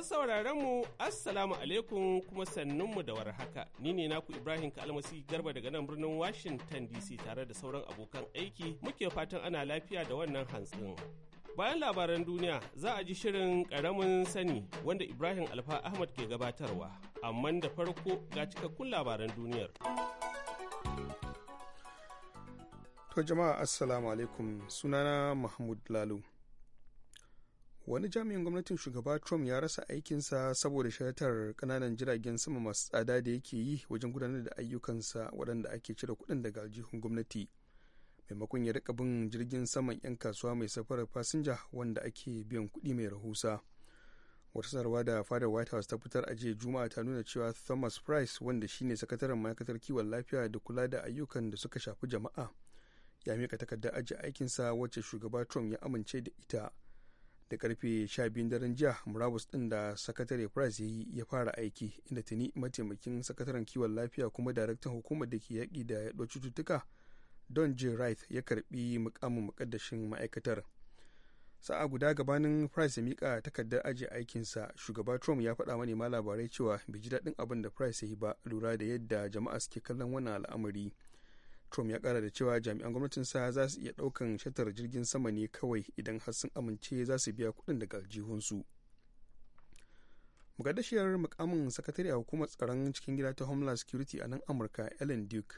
Masu sauraron mu Assalamu alaikum kuma sannunmu da warhaka. Ni ne naku Ibrahim Kalmasi Garba daga nan birnin Washington DC tare da sauran abokan aiki muke fatan ana lafiya da wannan hantsin. Bayan labaran duniya za a ji shirin karamin sani wanda Ibrahim Alfa Ahmad ke gabatarwa, amma da farko ga cikakkun labaran duniyar. To jama'a Assalamu alaikum sunana Mahmud Lalu. wani jami'in gwamnatin shugaba trump ya rasa aikinsa saboda shatar kananan jiragen sama masu tsada da yake yi wajen gudanar da ayyukansa waɗanda ake cire kuɗin daga aljihun gwamnati maimakon ya rika bin jirgin saman 'yan kasuwa mai safarar fasinja wanda ake biyan kuɗi mai rahusa wata sarwa da fadar white house ta fitar a jiya juma'a ta nuna cewa thomas price wanda shine sakataren ma'aikatar kiwon lafiya da kula da ayyukan da suka shafi jama'a ya miƙa takardar ajiye aikinsa wacce shugaba trump ya amince da ita da karfe 12 daren jiya murabus din da sakatare price ya yi ya fara aiki inda tuni mataimakin sakataren kiwon lafiya kuma daraktan hukumar da ke yaƙi da yaɗo cututtuka don j wright ya karbi mukamin mukaddashin ma'aikatar sa'a guda gabanin price ya mika takardar ajiye aikinsa shugaba trump ya faɗa manema labarai cewa bai ji daɗin abin da price ya yi ba lura da yadda jama'a suke kallon wannan al'amari Trump ya kara da cewa jami'an gwamnatin sa za su iya daukan shatar jirgin sama ne kawai idan har sun amince za su biya kudin daga aljihunsu. Mukaddashiyar mukamin sakatare a hukumar tsaron cikin gida ta Homeland Security a nan Amurka Ellen Duke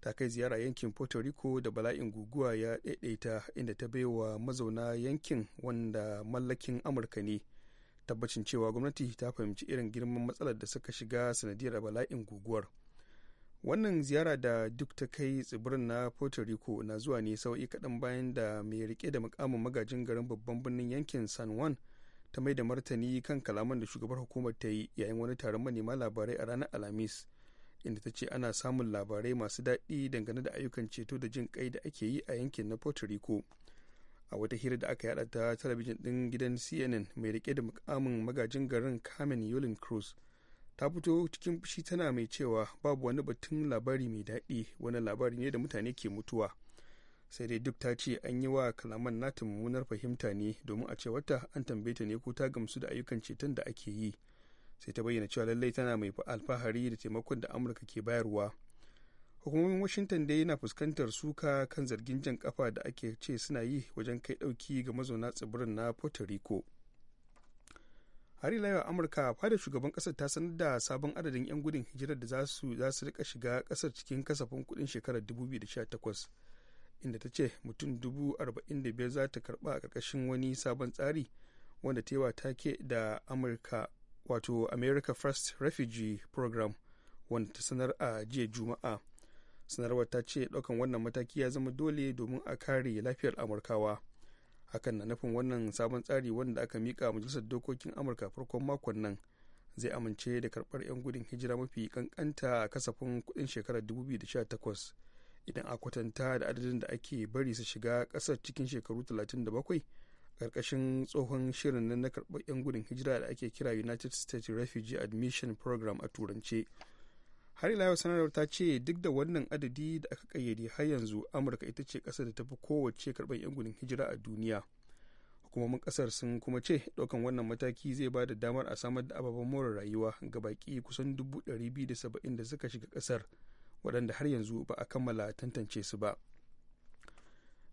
ta kai ziyara yankin Puerto Rico da bala'in guguwa ya daidaita inda ta baiwa mazauna yankin wanda mallakin Amurka ne tabbacin cewa gwamnati ta fahimci irin girman matsalar da suka shiga sanadiyar bala'in guguwar. wannan ziyara da duk ta kai tsibirin na puerto rico na zuwa ne sau'i kaɗan bayan da mai rike da mukamin magajin garin babban birnin yankin san juan ta mai da martani kan kalaman da shugabar hukumar ta yi yayin wani taron manema labarai a ranar alhamis inda ta ce ana samun labarai masu daɗi dangane da ayyukan ceto da jin kai da ake yi a yankin na puerto rico a wata hira da aka yada ta talabijin ɗin gidan cnn mai rike da mukamin magajin garin carmen yolin cruz ta fito cikin fushi tana mai cewa babu wani batun labari mai daɗi wani labari ne da mutane ke mutuwa sai dai duk ta ce an yi wa kalaman nata mummunar fahimta ne domin a ce wata an tambaye ta ne ko ta gamsu da ayyukan ceton da ake yi sai ta bayyana cewa lallai tana mai alfahari da taimakon da amurka ke bayarwa hukumomin washington dai yana fuskantar suka kan zargin jan kafa da ake ce suna yi wajen kai dauki ga mazauna tsibirin na puerto rico har ila yau amurka fadar shugaban kasar ta sanar da sabon adadin 'yan gudun hijirar da za su rika shiga kasar cikin kasafin kudin shekarar 2018 inda ta ce mutum 45,000 za ta karba a karkashin wani sabon tsari wanda ta yi wa take da amurka wato america first refugee program wanda ta sanar a jiya juma'a sanarwar ta ce daukan wannan mataki ya zama dole domin a kare lafiyar amurkawa hakan na nufin wannan sabon tsari wanda aka mika majalisar dokokin amurka farkon makon nan zai amince da karbar 'yan gudun hijira mafi kankanta a kasafin kuɗin shekarar 2018 idan a kwatanta da adadin da ake bari su shiga kasar cikin shekaru 37 karkashin tsohon shirin na karbar 'yan gudun hijira da ake kira united states refugee admission program a turance har ila yau sanarwar ta ce duk da wannan adadi da aka kayyade har yanzu amurka ita ce kasar da ta fi kowace karɓar 'yan gudun hijira a duniya hukumomin kasar sun kuma ce ɗaukan wannan mataki zai ba da damar a samar da ababen more rayuwa ga baki kusan dubu ɗari biyu da saba'in da suka shiga kasar waɗanda har yanzu ba a kammala tantance su ba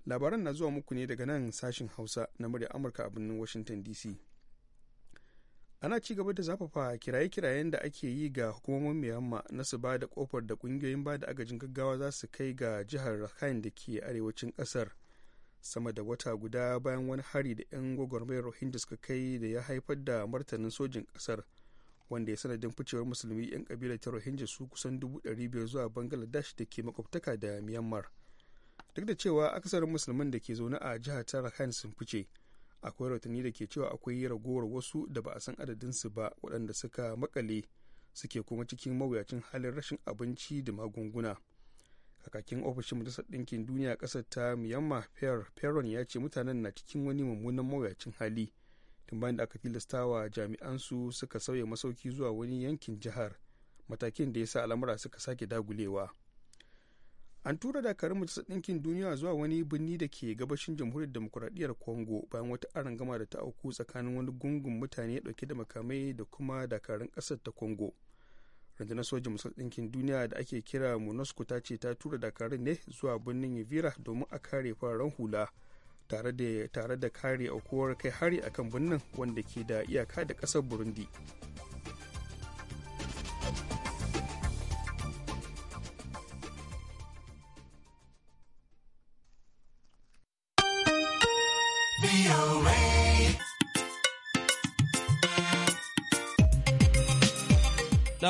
labaran na zuwa muku ne daga nan sashin hausa na murya amurka a birnin washington dc ana ci gaba da zafafa kiraye-kirayen da ake yi ga hukumomin myanmar na su ba da kofar da kungiyoyin ba da agajin gaggawa za su kai ga jihar rakhine da ke arewacin kasar sama da wata guda bayan wani hari da 'yan gwagwarmayar rohingya suka kai da ya haifar da martanin sojin kasar wanda ya sanadin ficewar musulmi 'yan kabilar ta rohingya su kusan dubu biyar zuwa bangladesh da ke makwabtaka da myanmar duk da cewa akasarin musulman da ke zaune a jihar ta rakhine sun fice akwai rahotanni da ke cewa akwai ragowar wasu da ba a san adadinsu ba waɗanda suka makale suke kuma cikin mawuyacin halin rashin abinci da magunguna kakakin ofishin majalisar ɗinkin duniya ƙasar ta miyamma fer peron ya ce mutanen na cikin wani mummunan mawuyacin hali tun bayan da aka tilastawa jami'an su suka sauya masauki zuwa wani yankin jihar matakin da ya sa al'amura suka sake dagulewa an tura dakarun majalisar ɗinkin duniya zuwa wani birni da ke gabashin jamhuriyar demokuraɗiyyar congo bayan wata arangama da ta auku tsakanin wani gungun mutane ɗauke da makamai da kuma dakarun ƙasar ta congo rundunar sojin majalisar ɗinkin duniya da ake kira monusco ta ce ta tura dakarun ne zuwa birnin yuvira domin a kare fararen hula tare da tare da kare aukuwar kai hari akan birnin wanda ke da iyaka da ƙasar burundi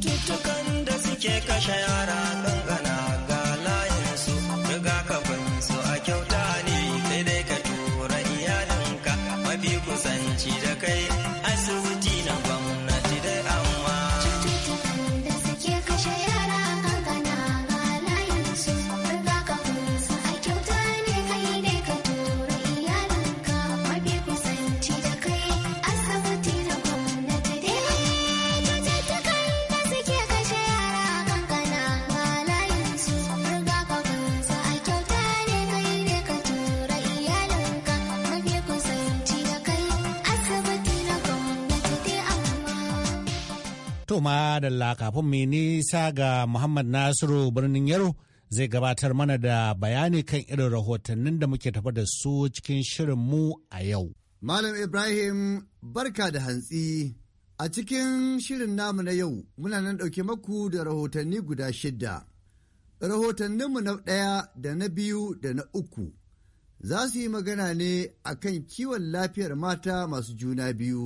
cututtukan da suke kashe yara ma da kafin mai nisa ga Muhammad Nasiru birnin Yaro zai gabatar mana da bayani kan irin rahotannin da muke tafa da su cikin shirin mu a yau. Malam Ibrahim barka da hantsi a cikin shirin namu na yau muna nan ɗauke maku da rahotanni guda shidda. Rahotanninmu na ɗaya da na biyu da na uku za su yi magana ne a kan kiwon lafiyar mata masu juna biyu.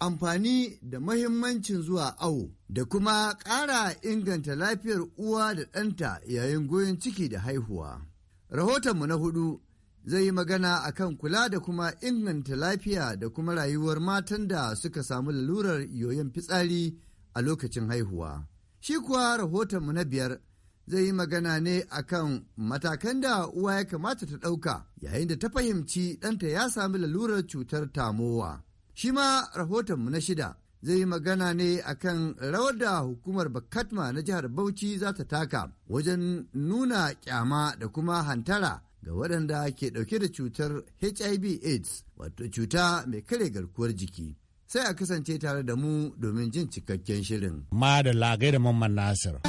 amfani da mahimmancin zuwa awo da kuma ƙara inganta lafiyar uwa da ɗanta yayin goyon ciki da haihuwa. Rahotonmu na hudu zai yi magana a kan kula da kuma inganta lafiya da kuma rayuwar matan da suka samu lalurar yoyon fitsari a lokacin haihuwa. Shi kuwa rahotonmu na biyar zai yi magana ne a kan matakan da uwa ya kamata ta ɗauka yayin da ta fahimci ɗanta ya sami lalurar cutar tamowa. Shi ma rahotonmu na shida zai yi magana ne akan rawar da hukumar Bakatma na jihar Bauchi za ta taka wajen nuna kyama da kuma hantara ga waɗanda ke ɗauke da cutar HIV AIDS wato cuta mai kare garkuwar jiki. Sai a kasance tare da mu domin jin cikakken shirin. Ma da lagai da Mamman Nasir.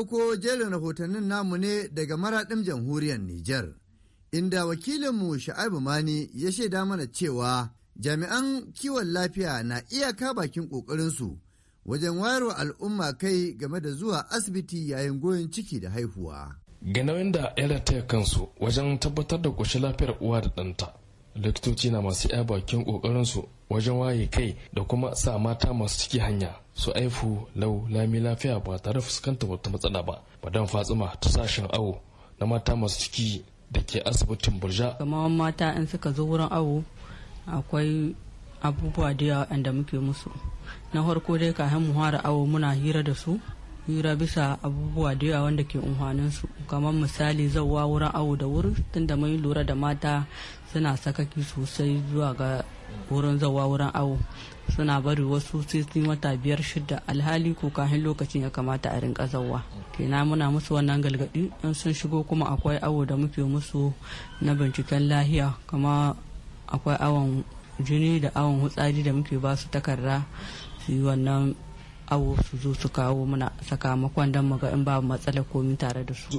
ɗauko jerin rahotannin namu ne daga maraɗin jamhuriyar Nijar, inda wakilinmu Sha'abu Mani ya shaida mana cewa jami'an kiwon lafiya na iyaka bakin ƙoƙarinsu wajen wayarwa al'umma kai game da zuwa asibiti yayin goyon ciki da haihuwa. Ga nauyin da ya rataya kansu wajen tabbatar da kushe lafiyar uwa da ɗanta likitoci na masu ya bakin ƙoƙarinsu wajen waye kai da kuma sa mata masu ciki hanya su aifu lau lami lafiya ba tare fuskanta wata matsala ba madan fatsima ta sashen awo na mata masu ciki da ke asibitin burja kamawan mata in suka zo wurin awo akwai abubuwa da yawa da muke musu na farko dai kafin mu fara awo muna hira da su hira bisa abubuwa da yawa wanda ke umhanin su kamar misali zauwa wurin awo da wuri tunda mun lura da mata suna sakaki sosai zuwa ga wurin zawa wurin awo suna bari wasu sai wata biyar shida alhali ko kahin lokacin ya kamata a rinka zawa kena muna musu wannan galgadi in sun shigo kuma akwai awo da muke musu na binciken lahiya kama akwai awon jini da awon hutsari da muke ba su takarda su yi wannan awo su zo su kawo muna sakamakon don mu ga in ba matsala komi tare da su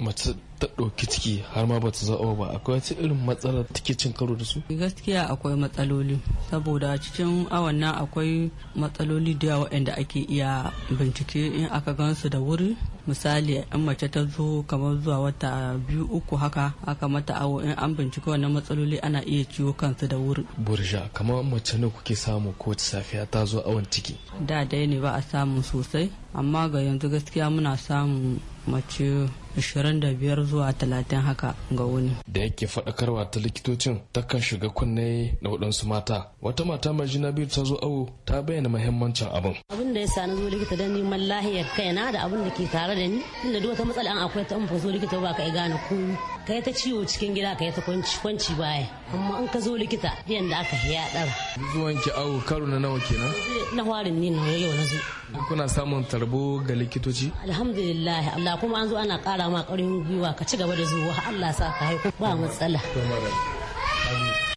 mace ta ɗauki ciki har ma bata zaɓa ba akwai wata irin matsalar take cin karo da su gaskiya akwai matsaloli saboda cikin awan akwai matsaloli da yawa inda ake iya bincike in aka gansu da wuri misali in mace ta zo kamar zuwa wata biyu uku haka aka mata awo in an bincike wannan matsaloli ana iya ciwo kansu da wuri burja kamar mace ne kuke samu kowace safiya ta zo awon ciki da dai ne ba a samu sosai amma ga yanzu gaskiya muna samun mace 25 zuwa 30 haka ga wuni. Da yake faɗakarwa ta likitocin takan shiga kunne na wadansu mata. Wata mata mai jina biyu ta zo awo ta bayyana muhimmancin abin. Abin da ya sa na zo likita don neman lahiyar kaina da abin da ke tare da ni. Inda duk wata matsala an akwai ta in zo likita ba ka gane ko kai ta ciwo cikin gida kai ta kwanci baya. Amma in ka zo likita biyan da aka ya dar. Zuwan ki awo karo na nawa kenan? Na warin ne na yau na zo. Kuna samun tarbo ga likitoci? Alhamdulillah Allah kuma an zo ana ƙara ƙara ma ƙarin gwiwa ka ci gaba da zuwa Allah sa ka haihu ba matsala.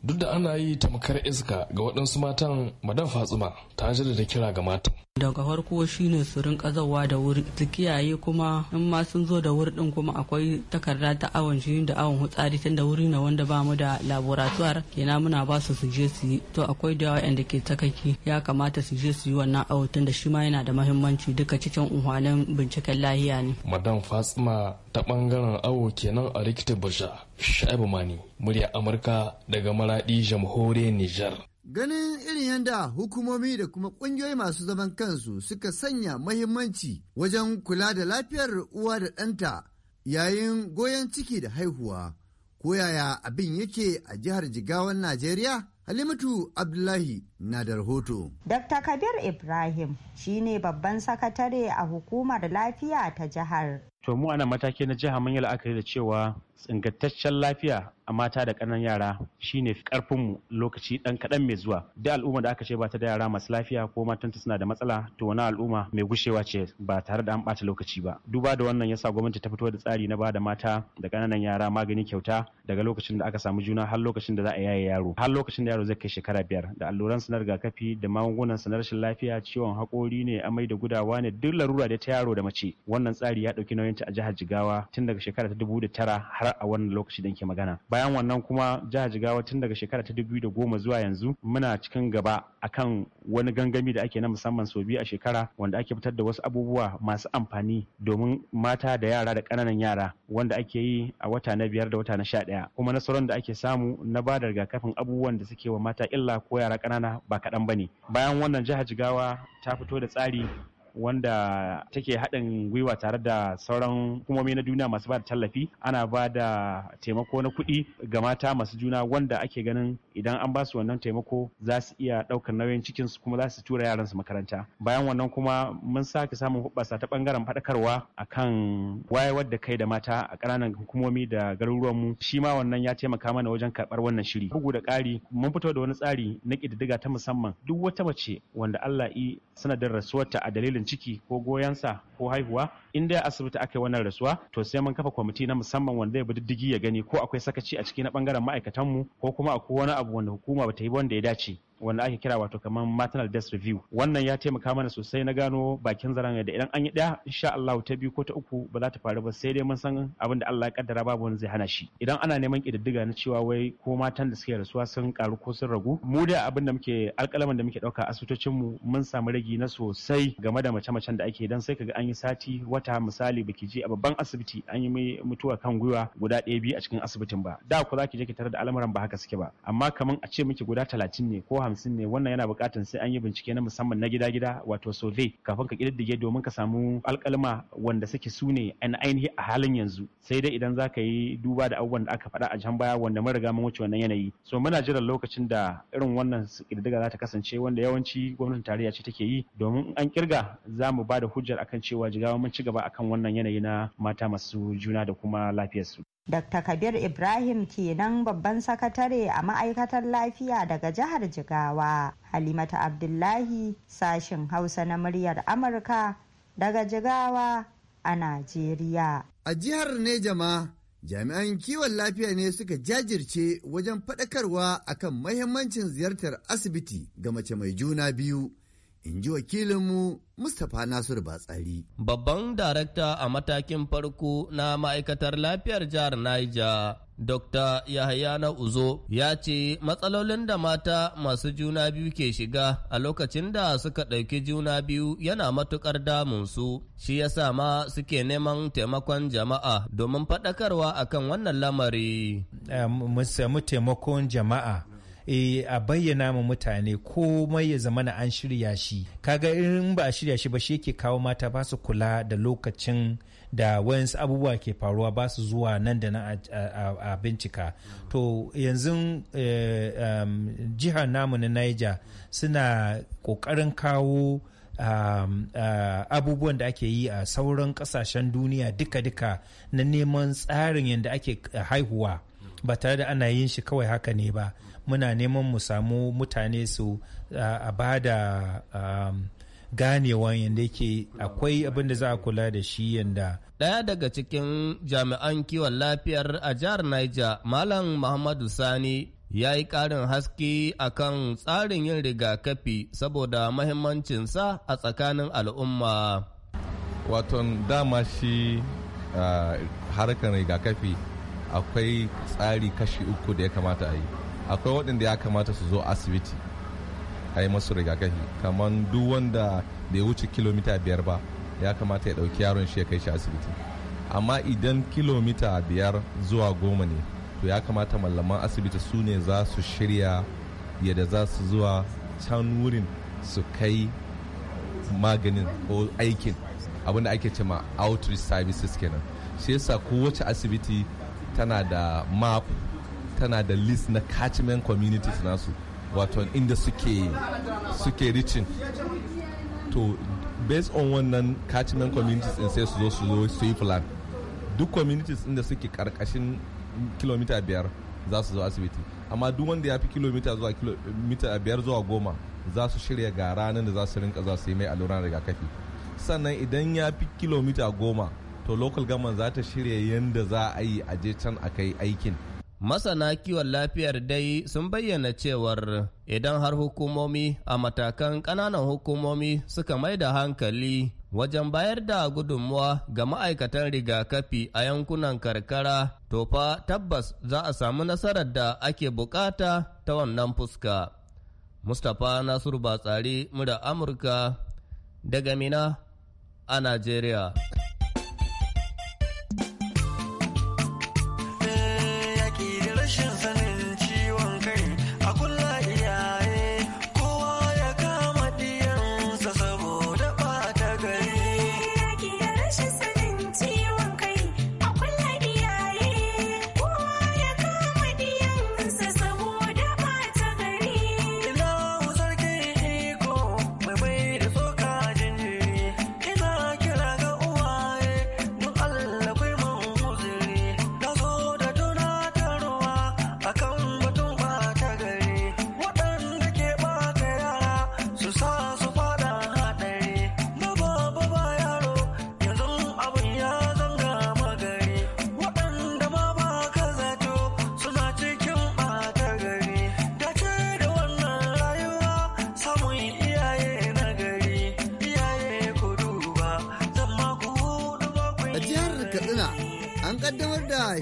Duk da ana yi tamkar iska ga waɗansu matan madan Fatsuma ta da kira ga matan daga farko shine su rinka zawa da wuri su kiyaye kuma in ma sun zo da wuri din kuma akwai takarda ta awon shi da awon hutsari tun da wuri na wanda ba mu da laboratoire kenan muna ba su su je su yi to akwai da yawa ke takaki ya kamata su je su yi wannan awo tun da shi ma yana da mahimmanci duka cikin unhwanin binciken lahiya ne madam fatsima ta bangaren awo kenan a rikita basha shaibu mani murya amurka daga maradi jamhuriyar nijar Ganin irin yadda hukumomi da kuma ƙungiyoyi masu zaman kansu suka sanya mahimmanci wajen kula da lafiyar uwa da ɗanta yayin goyon ciki da haihuwa. Ko yaya abin yake a jihar Jigawan Najeriya? Halimatu Abdullahi na da rahoto. Dr. Kabir Ibrahim shine babban sakatare a hukumar lafiya ta jihar. To mu ana mataki na jiha mun yi la'akari da cewa tsingantaccen lafiya a mata da ƙananan yara shine ƙarfinmu lokaci ɗan kaɗan mai zuwa da al'umma da aka ce ba ta da yara masu lafiya ko matanta suna da matsala to wani al'umma mai gushewa ce ba tare da an ɓata lokaci ba duba da wannan yasa gwamnati ta fito da tsari na ba da mata da ƙananan yara magani kyauta daga lokacin da aka samu juna har lokacin da za a yaye yaro har lokacin da yaro zai kai shekara biyar da alluran su na rigakafi da magungunan su na rashin lafiya ciwon haƙori ne amai da gudawa ne duk larura da ta yaro da mace wannan tsari ya ɗauki nauyin a jihar jigawa tun daga shekara ta dubu da tara har a wannan lokaci da ke magana bayan wannan kuma jihar jigawa tun daga shekara ta dubu da goma zuwa yanzu muna cikin gaba akan wani gangami da ake na musamman sau biyu a shekara wanda ake fitar da wasu abubuwa masu amfani domin mata da yara da ƙananan yara wanda ake yi a wata na biyar da wata na sha ɗaya kuma nasarar da ake samu na ba da rigakafin abubuwan da suke wa mata illa ko yara ƙanana ba kaɗan ba ne bayan wannan jihar jigawa ta fito da tsari wanda take haɗin gwiwa tare da sauran hukumomi na duniya masu ba da tallafi ana ba da taimako na kuɗi ga mata masu juna wanda ake ganin idan an ba su wannan taimako za su iya ɗaukar nauyin cikin su kuma za su tura yaran su makaranta bayan wannan kuma mun sake samun hubbasa ta bangaren faɗakarwa akan wayewar da kai da mata a ƙananan hukumomi da garuruwan mu shi ma wannan ya taimaka mana wajen karɓar wannan shiri bugu da ƙari mun fito da wani tsari na ƙididdiga ta musamman duk wata mace wanda Allah yi sanadin rasuwarta a dalilin ciki ko goyonsa ko haihuwa in dai asibiti aka wannan rasuwa to sai mun kafa kwamiti na musamman wanda ya bi diddigi ya gani ko akwai sakaci a ciki na bangaren ma'aikatanmu ko kuma akwai wani abu wanda hukuma bata yi wanda ya dace wanda ake kira wato kamar maternal death review wannan ya taimaka mana sosai na gano bakin zaren da idan an yi daya insha Allah ta biyu ko ta uku ba za ta faru ba sai dai mun san abin da Allah ya kaddara babu wani zai hana shi idan ana neman kididdiga na cewa wai ko matan da suke rasuwa sun karu ko sun ragu mu da abin da muke alƙalaman da muke dauka asibitocin mu mun samu ragi na sosai game da mace-macen da ake idan sai kaga an yi yi sati wata misali baki je a babban asibiti an yi mai mutuwa kan gwiwa guda ɗaya biyu a cikin asibitin ba da ku za ki je ki tarar da al'amuran ba haka suke ba amma kaman a ce miki guda talatin ne ko hamsin ne wannan yana buƙatar sai an yi bincike na musamman na gida-gida wato survey kafin ka ƙididdige domin ka samu alƙalma wanda suke su ne an ainihi a halin yanzu sai dai idan za ka yi duba da abubuwan da aka faɗa a can baya wanda mun riga mun wuce wannan yanayi so muna jiran lokacin da irin wannan ƙididdiga za ta kasance wanda yawanci gwamnatin tarayya ce take yi domin an kirga za mu ba da hujjar akan cewa cewa jigawa mun ci gaba akan wannan yanayi na mata masu juna da kuma lafiyarsu. Dr. Kabir Ibrahim kenan babban sakatare a ma'aikatar lafiya daga jihar Jigawa. Halimata Abdullahi sashin Hausa na muryar Amurka daga Jigawa a Najeriya. A jihar Nejama, jami'an kiwon lafiya ne suka jajirce wajen faɗakarwa akan mahimmancin ziyartar asibiti ga mace mai juna biyu. in ji wakilinmu Mustapha Nasiru Batsari. Babban darakta a matakin farko na ma'aikatar lafiyar jihar Niger, Dr. Yahaya na Uzo, ya ce matsalolin da mata masu juna biyu ke shiga a lokacin da suka ɗauki juna biyu yana matuƙar damunsu, shi ya sa ma suke neman taimakon jama'a domin faɗakarwa akan wannan lamari. Eh, mu taimakon jama'a. e, a bayyana ma mutane komai ya zamana an shirya shi kaga in ba a shirya shi ba shi yake kawo mata ba su kula da lokacin da wayansu abubuwa ke faruwa ba su zuwa nan da nan a bincika to yanzu e, um, jihar namu na niger suna kokarin kawo um, uh, abubuwan da ake yi a sauran kasashen duniya duka-duka na neman tsarin yadda ake uh, haihuwa ba tare da ana yin shi kawai haka ne ba muna neman mu samu mutane su a ba da ganewa yadda yake akwai abin da za a kula da shi yadda. Daya daga cikin jami'an kiwon lafiyar a jihar Niger, Malam Muhammadu Sani ya yi ƙarin haske akan tsarin yin rigakafi saboda mahimmancinsa a tsakanin al'umma. Waton dama shi harkar rigakafi akwai tsari kashi uku da ya kamata a yi. akwai waɗanda ya kamata su zo asibiti a yi masu rigakafi kamar duk wanda da ya wuce kilomita biyar ba ya kamata ya ɗauki yaron shi ya kai shi asibiti amma idan kilomita biyar zuwa goma ne to ya kamata mallaman asibiti su ne za su shirya yadda za su zuwa can wurin su kai maganin ko aikin abinda ake ce ma outreach services kenan shi yasa kowace asibiti tana da map tana da list na catchment communities nasu wato inda suke suke reaching to based on wannan catchment communities in sai su zo su zo su yi plan duk communities inda suke karkashin kilomita biyar za su zo asibiti amma duk wanda ya fi kilomita zuwa kilomita biyar zuwa goma za su shirya ga ranar da za su rinka za su yi mai alluran rigakafi sannan idan ya fi kilomita goma to local government za ta shirya yadda za a yi a je can a kai aikin Masana kiwon lafiyar dai sun bayyana cewar idan har hukumomi a matakan ƙananan hukumomi suka mai da hankali wajen bayar da gudunmuwa ga ma'aikatan rigakafi a yankunan karkara to fa tabbas za a samu nasarar da ake bukata ta wannan fuska. Mustapha Nasiru Batsari, mura Amurka daga Mina a Najeriya.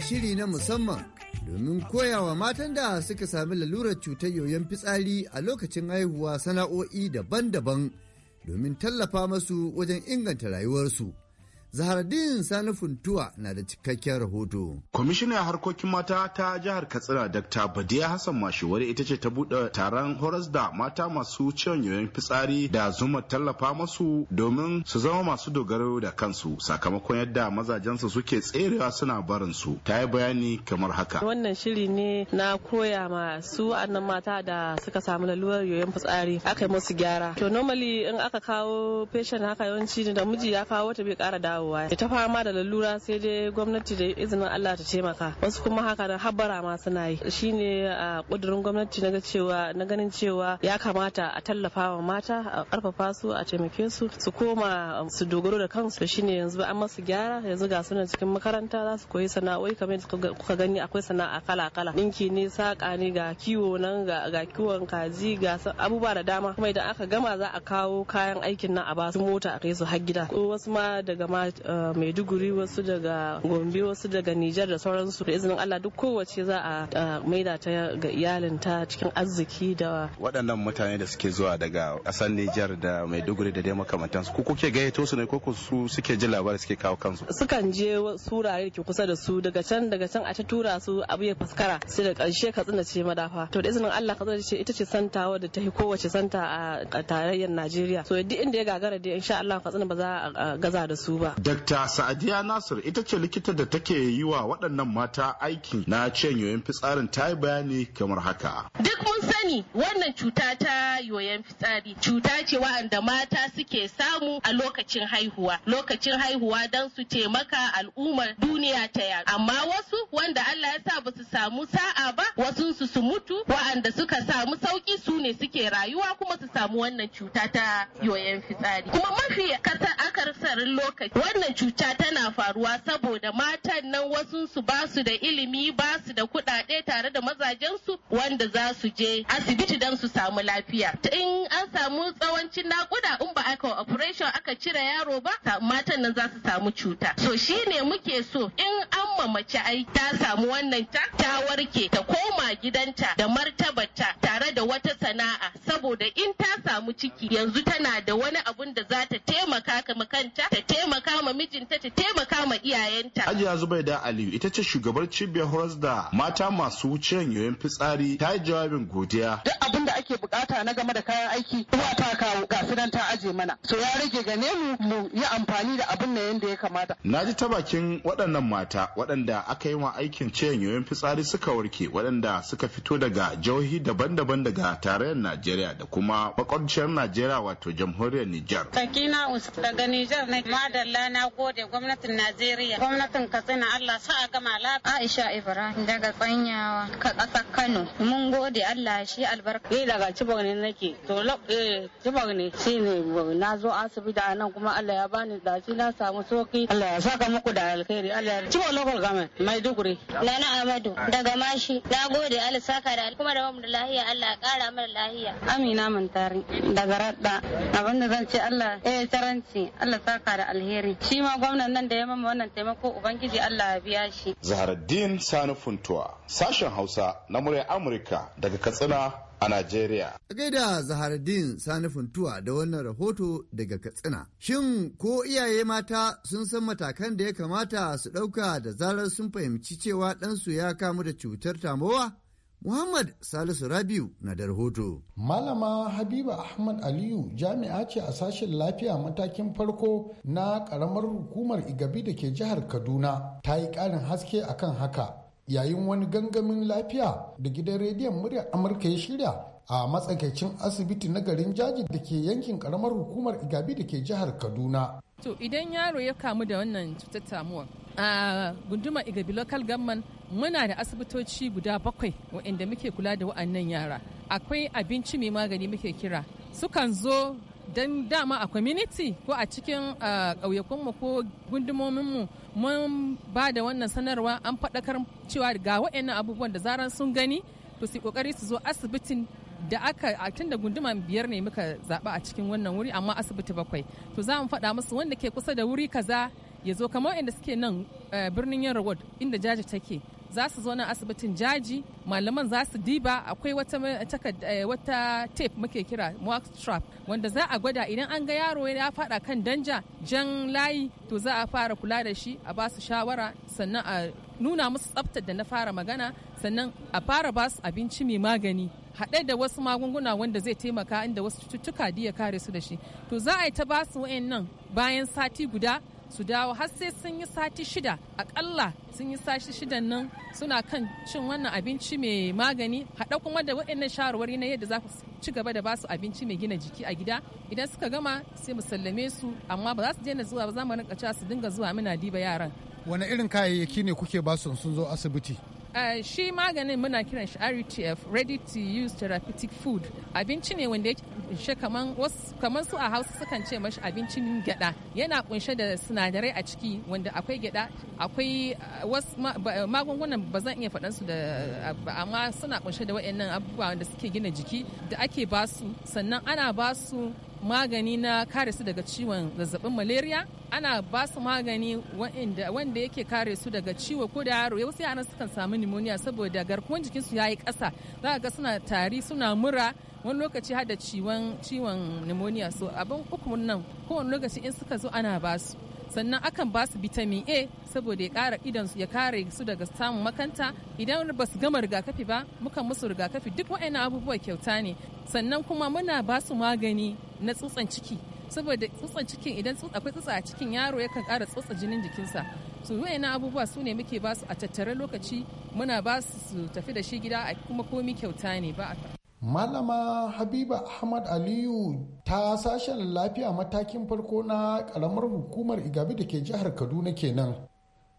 shiri na musamman domin koyawa matan da suka sami lalurar cutar yoyon fitsari a lokacin haihuwa sana'o'i daban-daban domin tallafa masu wajen inganta rayuwarsu. Zahardin Sani Funtuwa na da cikakken rahoto. Kwamishinan harkokin mata ta jihar Katsina Dr. Badiya Hassan Mashiwari ita ce ta buɗe taron horas da mata masu ciwon yoyon fitsari da zuma tallafa masu domin su zama masu dogaro da kansu sakamakon yadda mazajensu suke tserewa suna barin su. Ta yi bayani kamar haka. Wannan shiri ne na koya ma su annan mata da suka samu laluwar yoyon fitsari aka yi musu gyara. To normally in aka kawo patient haka yawanci da miji ya kawo ta bai kara dawo dawowa ta fama da lalura sai dai gwamnati da izinin Allah ta taimaka wasu kuma haka da habara ma suna yi shine a kudurin gwamnati na cewa na ganin cewa ya kamata a tallafa wa mata a karfafa su a taimake su su koma um, su dogaro da kansu shine yanzu an masu gyara yanzu ga suna cikin makaranta za su koyi sana'o'i kamar yadda kuka gani akwai sana'a kala kala ninki ne saka ne ga kiwo nan ga kiwon kaji ga abubuwa da dama kuma idan aka gama za a kawo kayan aikin nan a basu mota a kai su har gida ko wasu ma daga ma Eh, maiduguri wasu daga gombe wasu daga nijar da sauransu da izinin allah duk kowace za a maida ta ga iyalinta cikin arziki da waɗannan mutane da suke zuwa daga ƙasar nijar da maiduguri da dai makamantansu ko kuke gayyato su ne ko su suke ji labari suke kawo kansu sukan je surare da ke kusa da su daga can daga can a ta tura su abu ya faskara sai da ƙarshe katsina ce madafa to da izinin allah katsina ce ita ce santa wadda ta kowace santa a tarayyar najeriya so duk inda ya gagara da insha allah katsina ba za a gaza da su ba Dr. Sa'adiya Nasir ita ce likita da take yi wa waɗannan mata aiki na yoyon fitsarin ta yi bayani kamar haka. Duk mun sani wannan cuta ta yoyon fitsari cuta ce wa'anda mata suke samu a lokacin haihuwa. Lokacin haihuwa don su taimaka al'ummar duniya ta yaƙi. Amma wasu wanda Allah ya sa ba su samu sa'a ba wasu su su mutu wa'anda suka samu sauki su ne suke rayuwa kuma su samu wannan cuta ta yoyon fitsari. Kuma mafi kasa ƙarin lokaci. Wannan cuta tana faruwa saboda matan nan wasunsu su ba su da ilimi ba su da kuɗaɗe tare da mazajensu wanda za su je asibiti don su samu lafiya. In an samu tsawancin nakuda in ba aka operation aka cire yaro ba matan nan za su samu cuta. So shi ne muke so in an mamaci ai ta samu wannan ta ta warke ta koma gidanta da martabata tare da wata sana'a saboda in ta samu ciki yanzu tana da wani abun da za ta taimaka ma kanta ta taimaka ma mijinta ta taimaka ma iyayenta. Hajiya Zubaida Aliyu ita ce shugabar cibiyar horas da mata masu wuce shan fitsari ta yi jawabin godiya. Duk abin da ake bukata na game da kayan aiki uwa ta kawo ga su ta aje mana. So ya rage gane mu mu yi amfani da abin nan yadda ya kamata. Na ji ta bakin waɗannan mata waɗanda aka yi wa aikin ciyan yoyon fitsari suka warke waɗanda suka fito daga jihohi daban-daban daga tarayyar Najeriya da kuma makwabciyar Najeriya wato jamhuriyar Nijar. Sakina daga Nijar na madalla na gode gwamnatin Najeriya gwamnatin Katsina Allah sa a gama lafiya. Aisha Ibrahim daga Tsanyawa. daga ƙasar Kano. Mun gode Allah shi albarka. Ni daga Chibok ne nake. To eh Chibok ne shine na zo asibiti a nan kuma Allah ya bani shi na samu soki. Allah ya saka muku da alkhairi. Allah ya Chibok local government Maiduguri. Nana Amadu daga Mashi. Na gode Allah saka da kuma da mun da lahiya Allah ya kara mana lahiya. Amina Mantari daga Radda. Abinda zan ce Allah eh taranci Allah saka da alheri. Shi ma gwamnan nan da ya mamma wannan taimako Ubangiji Allah ya biya shi. Zaharaddin Sani Funtuwa sashen Hausa Hausa na murya Amurka daga Katsina a Najeriya. Gaida Zaharaddin Sani Funtuwa da wannan rahoto daga Katsina. Shin ko iyaye mata sun san matakan da ya kamata su ɗauka da zarar sun fahimci cewa ɗansu ya kamu da cutar tamowa? Muhammad Salisu Rabiu na da rahoto. Malama Habiba Ahmad Aliyu jami'a ce a sashen lafiya matakin farko na ƙaramar hukumar Igabi da ke jihar Kaduna ta yi ƙarin haske akan haka. yayin wani gangamin lafiya da gidan rediyon muryar amurka ya shirya a matsakaicin asibiti na garin jaji da ke yankin karamar hukumar igabi da ke jihar kaduna to idan yaro ya kamu da wannan cutar tamuwa a gunduma igabi local government muna da asibitoci guda bakwai waɗanda muke kula da wa'annan yara akwai abinci mai magani muke kira sukan zo don dama a community ko a cikin ƙauyakunmu ko gundumominmu mun ba da wannan sanarwa an faɗakar cewa ga waɗannan abubuwan da zaran sun gani to su kokari su zo asibitin da aka a tun da gunduma biyar ne muka zaɓa a cikin wannan wuri amma asibiti bakwai to za mu faɗa musu wanda ke kusa da wuri kaza ya zo kamar inda suke nan eh, birnin yin inda jaji take za su zo na asibitin jaji malaman za su diba akwai wata eh, wata tape muke kira mock trap wanda za a gwada idan an ga yaro ya fada kan danja jan layi to za a fara kula da shi a ba su shawara sannan a nuna musu tsaftar da na fara magana sannan a fara ba su abinci mai magani haɗe da wasu magunguna wanda zai taimaka inda wasu cututtuka diya kare su da shi to za a yi ta ba su bayan sati guda su dawo har sai sun yi sati shida akalla sun yi sati shida nan suna kan cin wannan abinci mai magani haɗa kuma da waɗannan shawarwari na yadda za ku ci gaba da basu abinci mai gina jiki a gida idan suka gama sai mu sallame su amma ba za su daina zuwa ba za mu rinka cewa su dinga zuwa muna diba yaran wani irin kayayyaki ne kuke basu sun zo asibiti Eh, shi maganin muna kiran shi RTF e ready to use therapeutic food abinci ne wanda ya kunshe kamar su a hausa sukan ce mashi abincin gyada yana kunshe da sinadarai a ciki wanda akwai gyada akwai eh, wasu eh, magungunan ba zan iya faɗan su da amma suna kunshe da waɗannan abubuwa da suke gina jiki da ake basu sannan ana basu magani na kare su daga ciwon zazzabin malaria ana ba su magani wanda yake kare su daga ciwo ko da yaro wasu yaran sukan samu pneumonia saboda garkuwan jikin su yayi kasa za ga suna tari suna mura wani lokaci har da ciwon pneumonia so abin uku nan kowane lokaci in suka zo ana ba su sannan akan ba su vitamin a saboda ya kara idan ya kare su daga samun makanta idan ba su gama rigakafi ba mukan musu rigakafi duk wa'ina abubuwa kyauta ne sannan kuma muna ba su magani na tsutsan ciki saboda tsutsan cikin idan akwai tsutsa a cikin yaro yakan kara tsutsa jinin jikinsa su na abubuwa su ne muke ba su a tattare lokaci muna ba su tafi da shi gida kuma komi kyauta ne ba a Malama Habiba Ahmad Aliyu ta sashen lafiya matakin farko na karamar hukumar Igabi da ke jihar Kaduna kenan.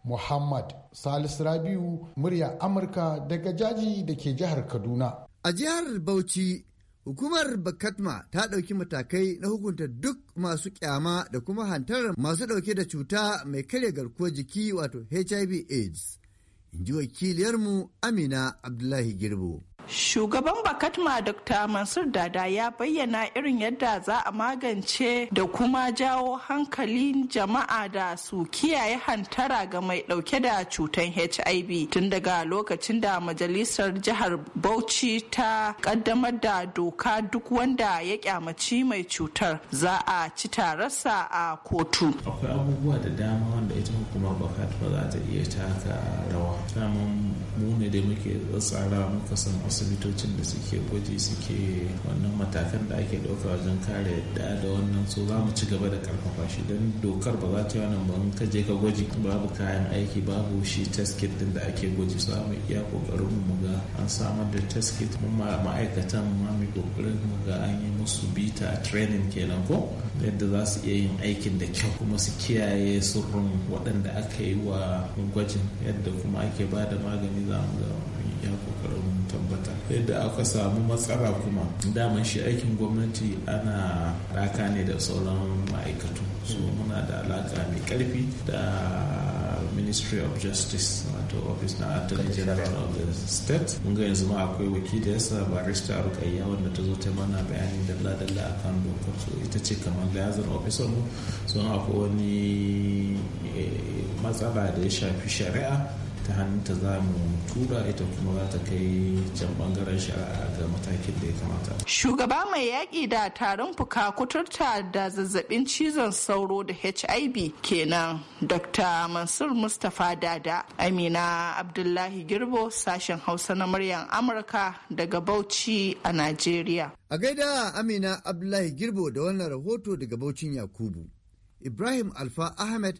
Muhammad Salisu Rabiu murya Amurka daga jaji da ke jihar Kaduna. A jihar Bauchi, hukumar Bakatma ta ɗauki matakai na hukunta duk masu kyama da kuma hantar masu ɗauke da cuta mai karya garkuwar jiki wato HIV AIDS. In ji wakiliyarmu Amina Abdullahi Girbo. Shugaban Bakatma Dr. Mansur Dada ya bayyana irin yadda za a magance da kuma jawo hankalin jama'a da su kiyaye hantara ga mai dauke da cutar HIV tun daga lokacin da majalisar jihar Bauchi ta kaddamar da doka duk wanda ya kyamaci mai cutar za a ci tararsa a kotu. Akwai abubuwa da dama wanda ita hukumar Bakatma za ta iya taka rawa. ne da muke tsara muka san asibitocin da suke gwaji suke wannan matakan da ake ɗauka wajen kare da da wannan so za mu ci gaba da karfafa shi don dokar ba za ta yi wannan ba ka je ka gwaji babu kayan aiki babu shi test kit din da ake gwaji so mu iya kokarin mu ga an samar da test kit mu ma'aikatan ma mu kokarin mu ga an yi musu bita training kenan ko yadda za su iya yin aikin da kyau kuma su kiyaye surrun waɗanda aka yi wa gwajin yadda kuma ake ba da magani za da ya kokarin tabbata yadda aka samu matsala kuma daman shi aikin gwamnati ana raka ne da sauran ma'aikatu so muna da alaka mai karfi da ministry of justice wato office na attorney general of the state mun ga yanzu ma akwai yasa barista rukayya wanda ta zo ta mana bayani dalla dalla akan dokar so ita ce kamar liaison officer mu sun akwai wani eh, matsala da ya shafi shari'a ta hannunta za mu tura ita kuma za ta kai can bangaren shari'a ga matakin da ya kamata. Shugaba mai yaƙi da tarin fuka kuturta da zazzabin cizon sauro da HIV kenan Dr. Mansur Mustapha Dada Amina Abdullahi Girbo sashen Hausa na muryar Amurka daga Bauchi a Najeriya. A gaida Amina Abdullahi Girbo da wannan rahoto daga bauchin Yakubu. Ibrahim Alfa Ahmed